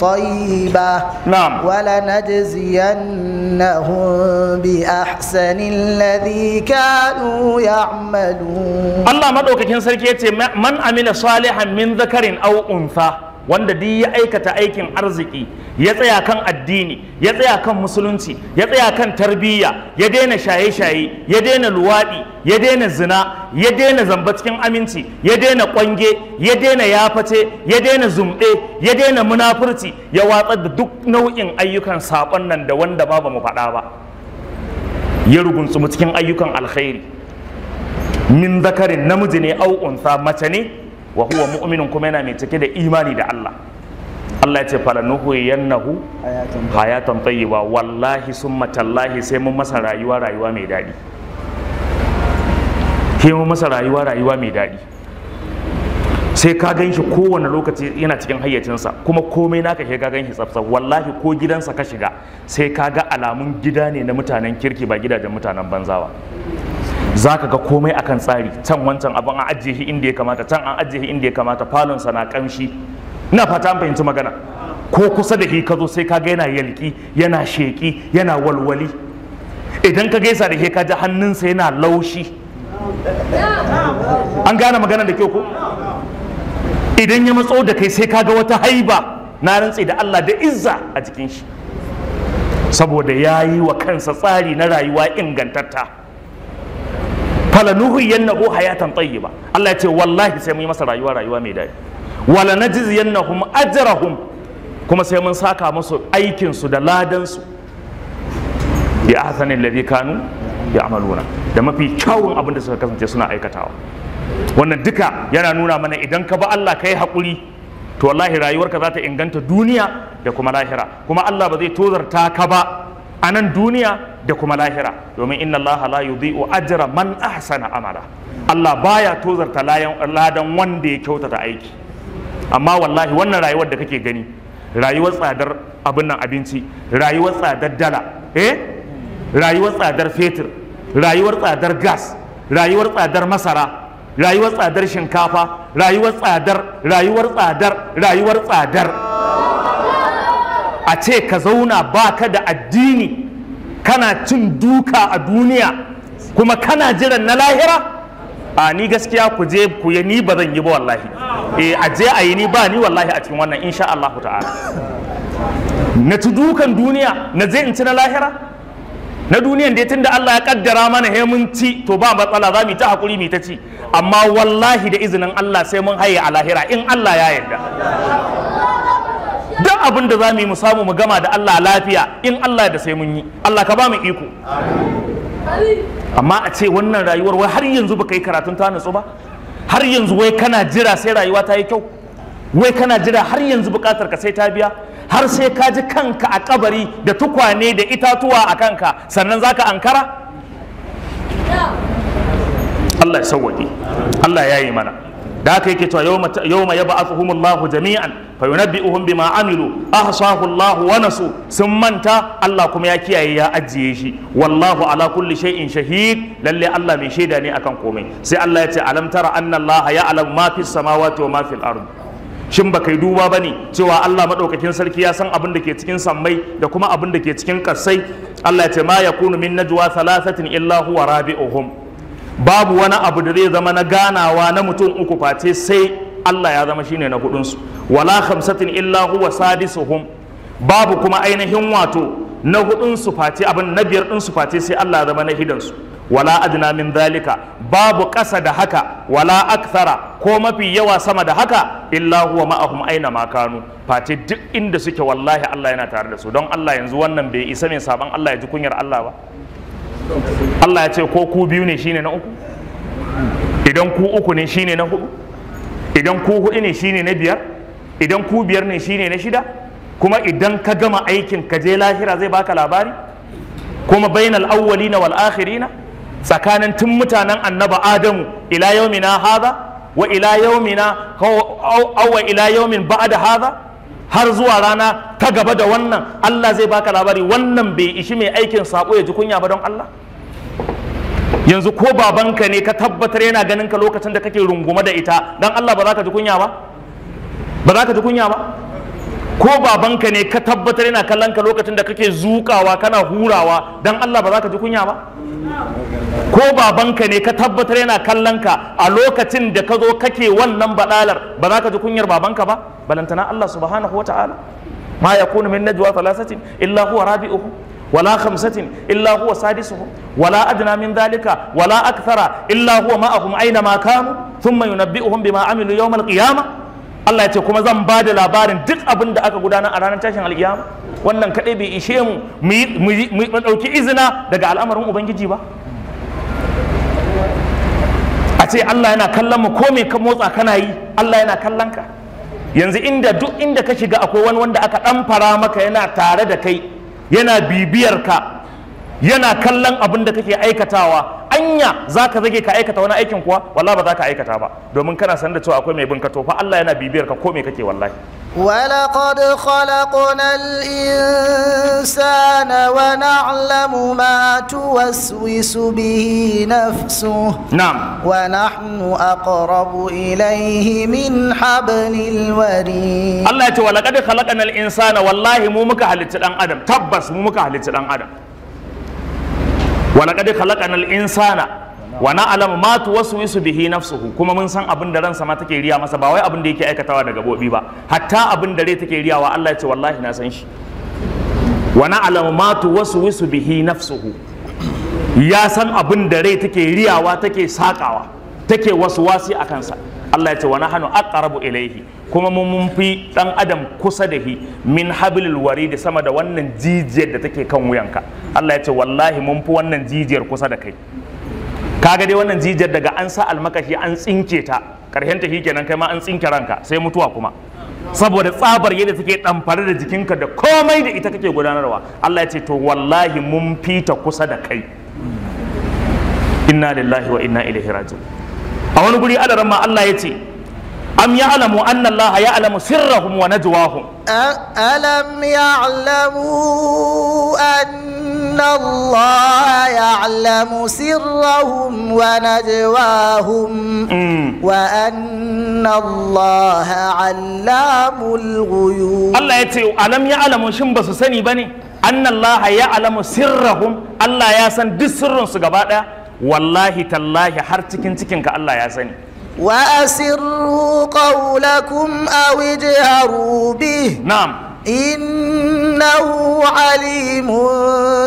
طيبة نعم ولنجزينهم بأحسن الذي كانوا يعملون الله مدوكك ينسلك من عمل صالحا من ذكر أو أنثى wanda duk ya aikata aikin arziki ya tsaya kan addini ya tsaya kan musulunci ya tsaya kan tarbiyya ya daina shaye-shaye ya daina luwaɗi ya daina zina ya daina zamba cikin aminci ya daina ƙwange ya daina yaface ya daina zumɗe ya daina munafurci ya watsar da duk nau'in ayyukan saƙon nan da wanda ba ba mu faɗa ba ya rugunsu mu cikin ayyukan alkhairi min zakarin namiji ne au unsa mace ne wa huwa mu'minun kuma yana mai cike da imani da Allah Allah ya ce nuhu yannahu hayatan tayyiba wallahi summa tallahi sai mun masa rayuwa rayuwa mai daɗi sai mun masa rayuwa rayuwa mai daɗi sai ka gan shi kowane lokaci yana cikin hayyacinsa kuma komai naka sai ka gan shi wallahi ko gidansa ka shiga sai ka ga alamun gida ne na mutanen kirki ba gidajen mutanen banzawa za ka ga komai akan tsari can wancan abin an ajiye shi inda ya kamata can an ajiye shi inda ya kamata falonsa na kamshi ina fata an fahimci magana ko kusa da shi ka zo sai ka ga yana yalki yana sheki yana walwali idan ka gaisa da shi ka ji hannunsa yana laushi an gane magana da kyau ko idan ya matso da kai sai kaga wata haiba na rantse da Allah da izza a jikin shi saboda ya yi wa kansa tsari na rayuwa ingantatta fala nuhiyannahu hayatan tayyiba Allah ya ce wallahi sai mun yi masa rayuwa rayuwa mai daɗi wala najziyannahum ajrahum kuma sai mun saka musu aikin su da ladan su bi ahsani alladhi kanu ya'maluna da mafi kyawun abin da suka kasance suna aikatawa wannan duka yana nuna mana idan ka ba Allah kai hakuri, to wallahi rayuwarka za ta inganta duniya da kuma lahira kuma Allah ba zai tozarta ka ba a nan duniya da kuma lahira domin inna allaha la yudhi'u ajra man ahsana amala Allah baya tozarta ladan wanda ya kyautata aiki amma wallahi wannan rayuwar da kake gani rayuwar tsadar abin nan abinci rayuwar tsadar dala eh rayuwar tsadar fetur rayuwar tsadar gas rayuwar tsadar masara rayuwar tsadar shinkafa rayuwar tsadar rayuwar tsadar rayuwar tsadar a ce ka zauna baka da addini kana cin duka a duniya kuma kana jiran na lahira a ni gaskiya ku je ku yi ni ba zan yi ba wallahi eh a je a yi ni ba ni wallahi a cikin wannan insha Allah ta'ala na ci dukan duniya na je in ci na lahira na duniyan dai tunda Allah ya kaddara mana he mun ci to ba matsala za mu ta hakuri mu ta ci amma wallahi da izinin Allah sai mun haye a lahira in Allah ya yarda abin da za mu yi mu samu mu gama da Allah lafiya in Allah da sai mun yi Allah ka ba mu iko amma a ce wannan rayuwar wai har yanzu baka yi karatun ta nutsu ba har yanzu wai kana jira sai rayuwa ta yi kyau wai kana jira har yanzu bukatar ka sai ta biya har sai ka ji kanka a kabari da tukwane da itatuwa a kanka sannan zaka ankara Allah ya sauwaƙe Allah ya yi mana da aka yake cewa yawma yab'athuhum Allahu jami'an fa yunabbi'uhum bima amilu ahsahu Allahu wa nasu sun manta Allah kuma ya kiyaye ya ajiye shi wallahu ala kulli shay'in shahid lalle Allah mai shaida ne akan komai sai Allah ya ce alam tara anna Allah ya'lamu ma fis samawati wa ma shin ba kai duba ba ne cewa Allah maɗaukakin sarki ya san abin da ke cikin sammai da kuma abin da ke cikin ƙasai Allah ya ce ma yakunu min najwa thalathatin illa huwa rabi'uhum babu wani abu da zai zama na ganawa na mutum uku face sai Allah ya zama shine na hudunsu wala khamsatin illa huwa sadisuhum babu kuma ainihin wato na hudunsu face abin na biyar din su face sai Allah ya zama na hidansu wala adna min zalika babu ƙasa da haka wala akthara ko mafi yawa sama da haka illa huwa ma'ahum aina ma kanu face duk inda suke wallahi Allah yana tare da su don Allah yanzu wannan bai isa mai saban Allah ya ji kunyar Allah ba Allah ya ce ko ku biyu ne shine na uku idan ku uku ne shine na hudu idan ku hudu ne shine na biyar idan ku biyar ne shine na shida kuma idan ka gama aikin ka je lahira zai baka labari kuma bainal awwalina wal akhirina tsakanin tun mutanen annaba adamu ila yaumina hadha wa ila yaumina aw ila yaumin ba'da hadha har zuwa rana ta gaba da wannan Allah zai baka labari wannan bai ishi mai aikin sako ya ji kunya ba don Allah yanzu ko babanka ne ka tabbatar yana ganin ka lokacin da kake runguma da ita don Allah ba za ka ji kunya ba ba za ka ji kunya ba ko babanka ne ka tabbatar yana kallon ka lokacin da kake zukawa kana hurawa don Allah ba za ka ji kunya ba ko babanka ne ka tabbatar yana kallon ka a lokacin da ka zo kake wannan badalar ba za ka ji kunyar babanka ba balantana Allah subhanahu wa ta'ala ma yakunu min najwa thalathatin illa huwa rabi'uhum wala khamsatin illa huwa sadisuhum wala adna min dhalika wala akthara illa huwa ma'ahum aina ma kanu thumma yunabbi'uhum bima amilu yawm al-qiyamah Allah ya ce kuma zan ba da labarin duk abin da aka gudana a ranar tashin alkiyama wannan kadai bai ishe mu mu ɗauki izina daga al'amarin ubangiji ba a ce Allah yana kallon mu ko mai ka motsa kana yi Allah yana kallon ka yanzu inda duk inda ka shiga akwai wani wanda aka ɗan fara maka yana tare da kai yana bibiyar ka yana kallon abin da kake aikatawa anya za ka zage ka aikata wani aikin kuwa wallahi ba za ka aikata ba domin kana sanar da cewa akwai mai bin to fa Allah yana bibiyar ka ko me kake wallahi ولقد خلقنا الإنسان ونعلم ما توسوس به نفسه نعم ونحن أقرب إليه من حبل الوريد الله يقول ولقد خلقنا الإنسان والله مو مكهلة الأن أدم تبس مو مكهلة الأن أدم ولقد خلقنا الإنسان wa na'lamu ma tuwaswisu bihi nafsuhu kuma mun san abin da ransa ma take riya masa ba wai abin da yake aikatawa da gabobi ba hatta abin da rai take riyawa Allah ya ce wallahi na san shi wa na'lamu ma tuwaswisu bihi nafsuhu ya san abin da rai take riyawa take sakawa take waswasi a kansa Allah ya ce wa hanu aqrabu ilaihi kuma mun mun fi dan adam kusa da hi min hablil warid sama da wannan jijiyar da take kan wuyanka Allah ya ce wallahi mun fi wannan jijiyar kusa da kai kaga dai wannan jijiyar daga an sa almakashi an tsinke ta karshen ta hikenan kai ma an tsinke ranka sai mutuwa kuma saboda tsabar yadda take damfare da jikinka da komai da ita kake gudanarwa Allah ya ce to wallahi mun fita kusa da kai inna lillahi wa inna ilaihi raji'un a wani guri adaran ma Allah ya ce أم يعلموا أن الله يعلم سرهم ونجواهم ألم يعلموا أن الله يعلم سرهم ونجواهم وأن الله علام الغيوب الله يتي ألم يعلموا شن بس سني بني أن الله يعلم سرهم الله يسن دي سرهم سقبادا والله تالله هر تكن تكن كالله يسني وأسروا قولكم أو اجهروا به نعم إنه عليم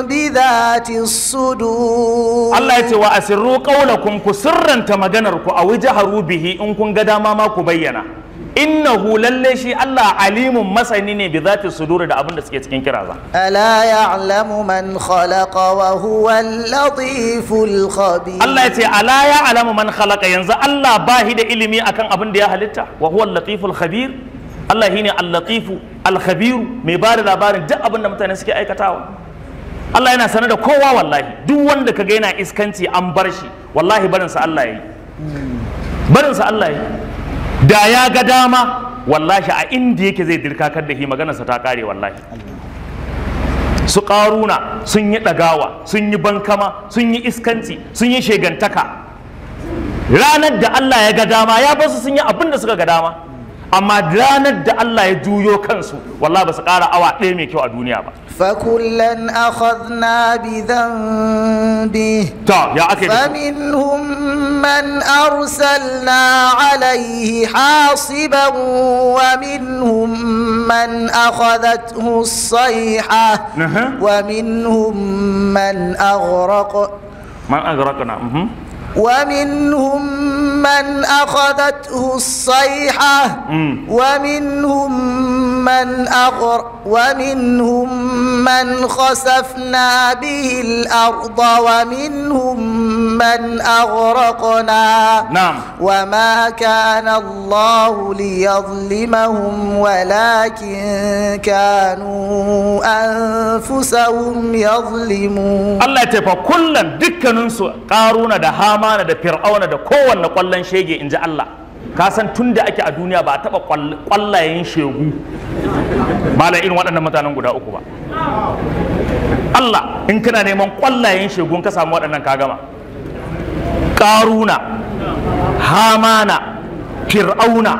بذات الصدور الله يتي وأسروا قولكم كسرا تمغنركم أو اجهروا به إن كن قداما ما كبينا Inna lalle shi Allah alimun masani ne bi ta sudur da abin da suke cikin kiraza ala ya'lamu man khalaqa wa huwa latiful khabir Allah yace ala man khalaqa yanzu Allah ba shi da ilimi akan abin da ya halitta wa huwa al-latiful khabir Allah shine al-latifu al-khabir mai ba da labarin duk abin da mutane suke aikatawa Allah yana sanar da kowa wallahi duk wanda kaga yana iskanci an bar shi wallahi barinsa Allah yayi barinsa Allah yayi da ya ga dama wallashi a inda yake zai dirkakar da shi maganarsa ta kare wallahi su ƙaruna sun yi ɗagawa sun yi bankama sun yi iskanci sun yi shegantaka ranar da Allah ya ga dama ya basu sun yi abin da suka ga dama amma ranar da Allah ya juyo kansu wallahi ba su ƙara awa ɗaya mai kyau a duniya ba fakullan akhadna bi dhanbi ta ya ake da faminhum man arsalna alaihi hasiban wa minhum man akhadathu as-sayha wa minhum man aghraq man aghraqna mhm. ومنهم من أخذته الصيحة ومنهم من أغر ومنهم من خسفنا به الأرض ومنهم من أغرقنا نعم وما كان الله ليظلمهم ولكن كانوا أنفسهم يظلمون الله تبقى كل دكا ننسو قارون دهام amana da fir'auna da kowanne kwallon shege in ji Allah ka san tun da ake a duniya ba a taɓa kwallayen shegu ba da irin waɗannan mutanen guda uku ba Allah in kana neman kwallayen shegu ka samu waɗannan ka gama ƙaruna hamana fir'auna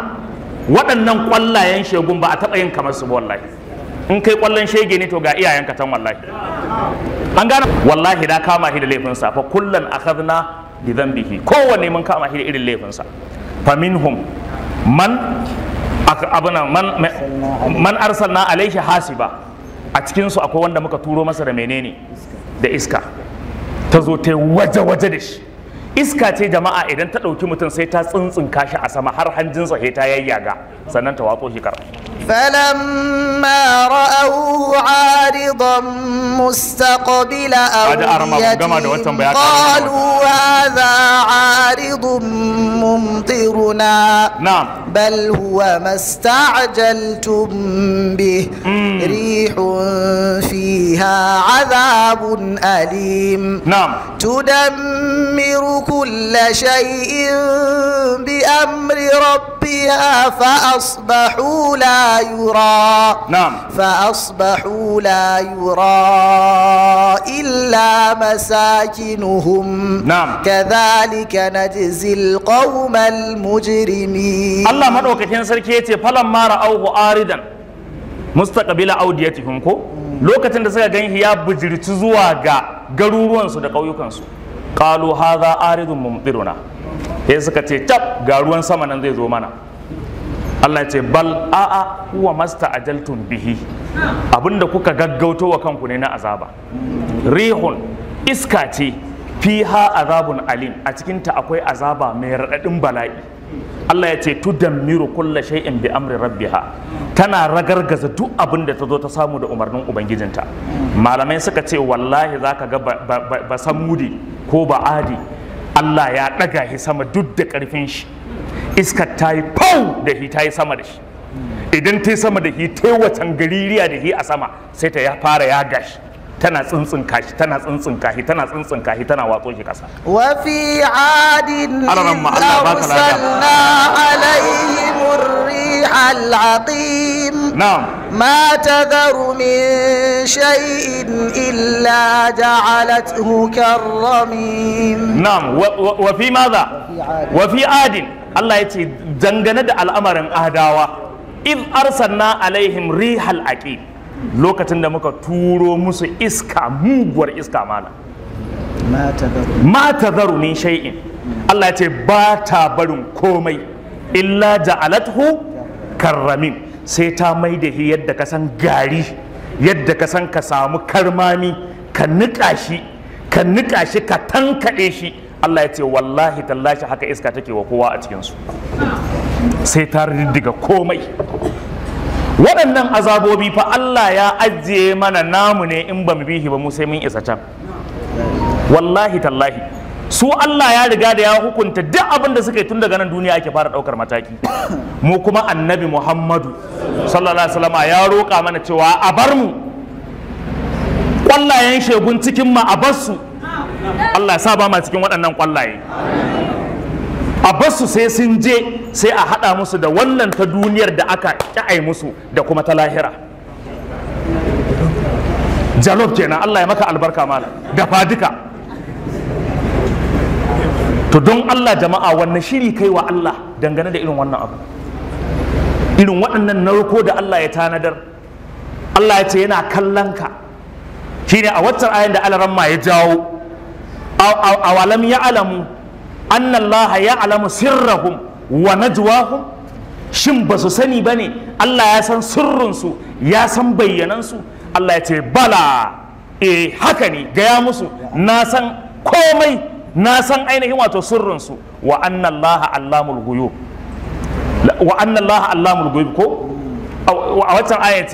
waɗannan kwallayen shegun ba a taɓa yin kamar su wallahi in kai kwallon shege ne to ga ka tan wallahi an gane wallahi na kama shi da laifin safa kullan akhadna bi dhanbihi kowanne mun kama shi da irin laifinsa fa minhum man abuna man man arsalna alaihi hasiba a cikinsu akwai wanda muka turo masa da menene da iska ta zo ta waje waje da shi iska ce jama'a idan ta ɗauki mutum sai ta tsintsinka shi a sama har hanjinsa sai ta yayyaga sannan ta watso shi karfi فلما رأوه عارضا مستقبل أوليتهم قالوا هذا عارض ممطرنا نعم بل هو ما استعجلتم به ريح فيها عذاب أليم نعم تدمر كل شيء بأمر ربك ألقيها فأصبحوا لا يرى نعم فأصبحوا لا يرى إلا مساكنهم نعم كذلك نجزي القوم المجرمين الله مدعوك تنسر كيتي فلما رأوه آردا مستقبل أوديتهم كو lokacin da suka gan ya bijirci zuwa ga garuruwansu da ƙauyukansu qalu hadha aridun mumtiruna sai suka ce tab ga ruwan sama nan zai zo mana Allah ya ce bal a'a huwa masta ajaltun bihi abinda kuka gaggauto wa kanku ne na azaba rihun iska ce fiha azabun alim a cikin ta akwai azaba mai raɗaɗin bala'i Allah ya ce tudammiru kulla shay'in bi amri rabbiha tana ragargaza duk abin da ta zo ta samu da umarnin ubangijinta malamai suka ce wallahi zaka ga ba, ba, ba, ko ba a'di Allah ya ɗaga shi sama duk da ƙarfin shi iskar ta yi fau da shi ta yi sama da shi idan ta yi sama da shi ta yi wacan gaririya da shi a sama sai ta ya fara ya gashi tana tsuntsun kashi tana tsuntsun kashi tana tsuntsun kashi tana watso shi kasa wa fi adin ala ma Allah baka lafiya sanna alayhi murrih al'atim na'am ma na'am wa fi madha wa fi adin Allah yace dangane da al'amarin adawa in arsalna alaihim rihal aqim lokacin da muka turo musu iska muguwar iska mana mata zaru min shay'in Allah ya ce ba ta barin komai illa ja'alathu karramin sai ta mai da shi yadda ka san gari yadda ka san ka samu karmami ka niƙa shi ka niƙa shi ka tankaɗe shi Allah ya ce wallahi tallashi haka iska take wa kowa a cikinsu sai ta riddiga komai waɗannan azabobi fa Allah ya ajiye mana namu ne in ba mu bihi ba mu sai mun isa can wallahi tallahi su Allah ya riga da ya hukunta duk abin da suka yi tun daga nan duniya ake fara ɗaukar mataki [COUGHS] mu kuma annabi Muhammadu sallallahu alaihi wasallam ya roƙa mana cewa a bar mu ƙwallayen shegun cikin mu a bar su Allah ya sa ba ma cikin waɗannan ƙwallaye a basu sai sun je sai a haɗa musu da wannan ta duniyar da aka ƙya'ai musu da kuma ta lahira jalof kenan Allah ya maka albarka mana da duka to don Allah jama'a wannan shiri kai wa Allah dangane da irin wannan abu irin waɗannan narko da Allah ya tanadar Allah ya ce yana kallon ka shine a waccan ayan da alaramma ya jawo walam ya alamu annallaha ya alamu sirrahu wa najwahum shin ba su sani ba ne Allah ya san sirrinsu ya san bayyanansu Allah ya ce bala e haka ne gaya musu na san komai na san ainihin wato sirrinsu wa anna Allah allamul guyub wa anna Allah allamul ko a watan aya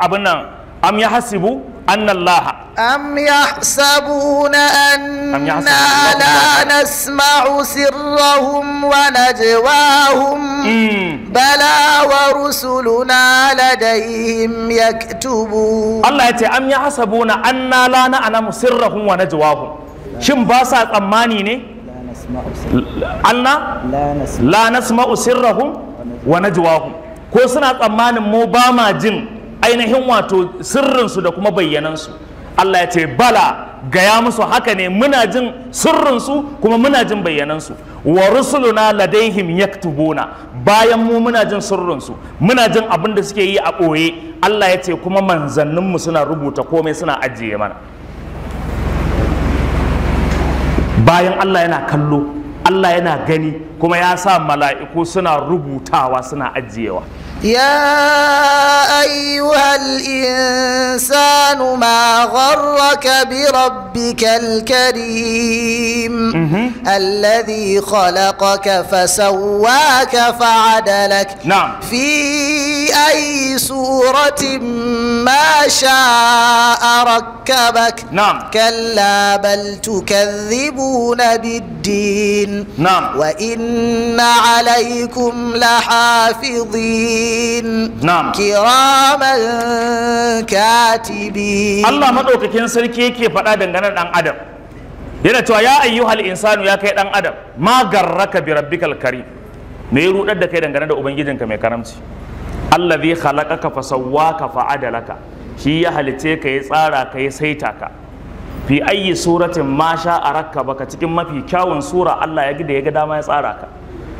abin nan am ya hasibu أن الله أم يحسبون أننا لا نسمع سرهم ونجواهم بلى ورسلنا لديهم يكتبون الله يتي أم يحسبون أننا لا نعلم سرهم ونجواهم شم باسا أماني ني Allah la nasma'u sirrahum wa najwahum ko suna tsammanin mu ba ma jin ainihin wato sirrinsu da kuma bayyanansu Allah ya ce bala gaya musu haka ne muna jin sirrinsu kuma muna jin bayyanansu wa rusuluna ladaihim yaktubuna bayan mu muna jin sirrinsu muna jin abin da suke yi a ɓoye Allah ya ce kuma manzanninmu suna rubuta komai suna ajiye mana bayan Allah yana kallo Allah yana gani kuma ya sa mala'iku suna rubutawa suna ajiyewa يا ايها الانسان ما غرك بربك الكريم الذي خلقك فسواك فعدلك نعم في اي سوره ما شاء ركبك نعم كلا بل تكذبون بالدين نعم وان عليكم لحافظين المتقين نعم كراما كاتبين الله dangane سركي يكي فدا adam yana cewa ya ayyuhal insanu ya kai dan adam ma garraka bi rabbikal karim me ya rudar da kai dangane da ubangijinka mai karamci Allah allazi khalaqaka fa sawwaka fa adalaka shi ya halice ka ya tsara ka ya saita ka fi ayyi suratin masha sha rakka baka cikin mafi kyawun sura Allah ya gida da ya ga dama ya tsara ka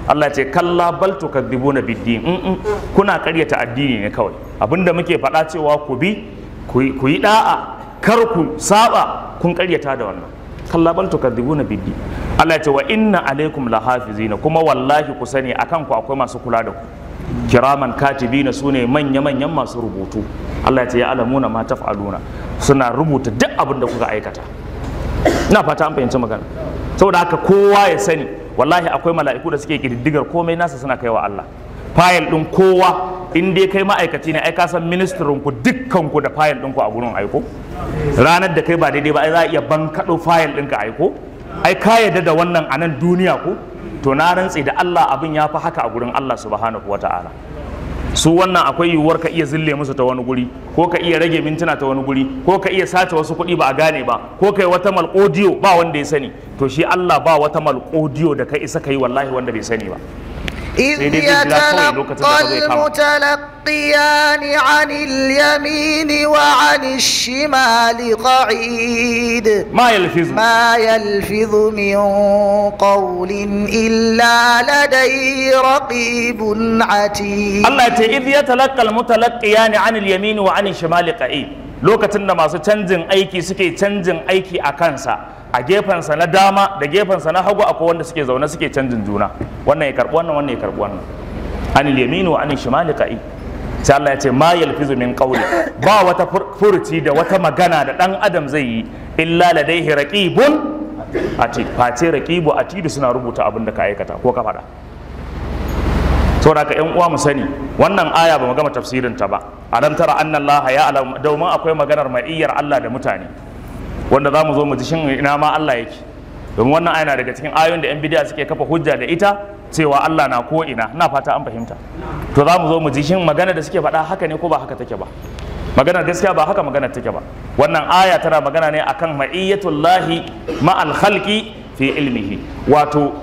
Allah ce kalla bal tukadzibuna biddin mm, mm. kuna karyata addini ne kawai abinda muke faɗa cewa ku bi ku yi da'a kar ku saba kun karyata da wannan kalla bal tukadzibuna biddin Allah ce wa inna alaikum lahafizina kuma wallahi ku sani akan ku akwai masu kula da ku kiraman katibina sune sune manya-manyan masu rubutu Allah ya ce ya alamuna ma taf'aluna suna rubuta duk abin da kuka aikata ina fata an fahimci magana saboda haka kowa ya sani wallahi akwai mala'iku da suke kididdigar komai nasa suna kaiwa Allah fayil din kowa in dai kai ma'aikaci ne ai ka san ministirin ku dukkan ku da fayil din ku a gurin aiko ranar da kai ba daidai ba ai za a iya bankaɗo fayil ka aiko ai ka yarda da wannan a nan duniya ko to na rantse da Allah abin ya fi haka a gurin Allah subhanahu wataala su wannan akwai yiwuwar ka iya zille musu ta wani guri ko ka iya rage mintuna ta wani guri ko ka iya sace wasu kuɗi ba a gane ba ko ka yi wata malƙodiyo ba wanda ya sani to shi Allah ba wata malƙodiyo da ka isa ka yi wallahi wanda bai sani ba إذ يتلقى المتلقيان عن اليمين وعن الشمال قعيد ما يلفظ ما يلفظ من قول إلا لديه رقيب عتيد الله إذ يتلقى المتلقيان عن اليمين وعن الشمال قعيد لوكتن ما سو canjin aiki suke canjin aiki a kansa a gefensa na dama da gefensa na hagu akwai wanda suke zaune suke canjin juna wannan ya karbi wannan wannan ya karbi wannan anil yamini wa anil shimali qa'i sai Allah ya ce ma yalfizu min qawli ba wata furuci da wata magana da dan adam zai yi illa ladaihi raqibun atid face raqibu atid suna rubuta abin da ka aikata ko ka faɗa saboda ka yan uwa mu sani wannan aya ba mu gama tafsirin ta ba alam tara annallaha ya alam domin akwai maganar mai iyar Allah da mutane wanda za mu zo mu ji shin ina ma Allah yake domin wannan ayana daga cikin ayoyin da 'yan bidiya suke kafa hujja da ita cewa Allah na ko ina na fata an fahimta to za mu zo mu ji shin magana da suke faɗa haka ne ko ba haka take ba magana gaskiya ba haka magana take ba wannan aya tana magana ne akan ma'iyatullahi ma'al khalqi fi ilmihi wato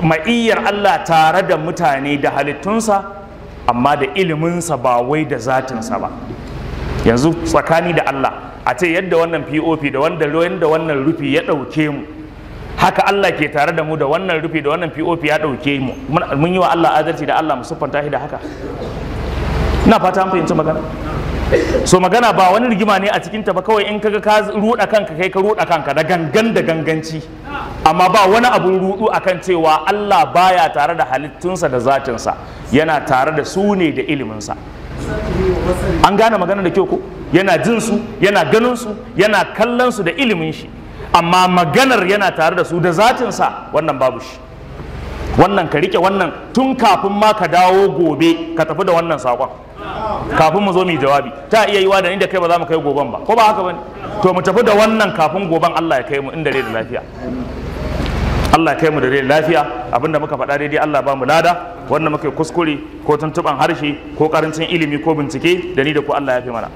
ma'iyyar Allah tare da mutane da halittunsa amma da iliminsa ba wai da zatinsa ba yanzu tsakani da Allah a ce yadda wannan POP da wanda da wannan rufi ya ɗauke mu haka Allah ke tare da mu da wannan rufi da wannan POP ya ɗauke mu mun yi wa Allah adalci da Allah mu siffanta shi da haka ina fata mun fahimci magana so magana ba wani rigima ne a cikin ta ba kawai in kaga ka ruɗa kanka kai ka ruɗa kanka da gangan da ganganci amma ba wani abun ruɗu akan cewa Allah baya tare da halittunsa da zatinsa yana tare da su ne da iliminsa an gane maganar da kyau ko yana jin su yana ganin su yana kallon su da ilimin shi amma maganar yana tare da su da zatin sa wannan babu shi wannan ka rike wannan tun kafin ma ka dawo gobe ka tafi da wannan sakon kafin mu zo mu jawabi ta iya yiwa da ni da kai ba za mu kai goben ba ko ba haka bane to mu tafi da wannan kafin goben Allah ya kai mu inda rai da lafiya Allah kai mu da rai lafiya abinda muka faɗa daidai Allah ba mu lada wanda muka yi kuskure ko tuntuban harshe ko karancin ilimi ko bincike da ni da ku Allah ya fi mana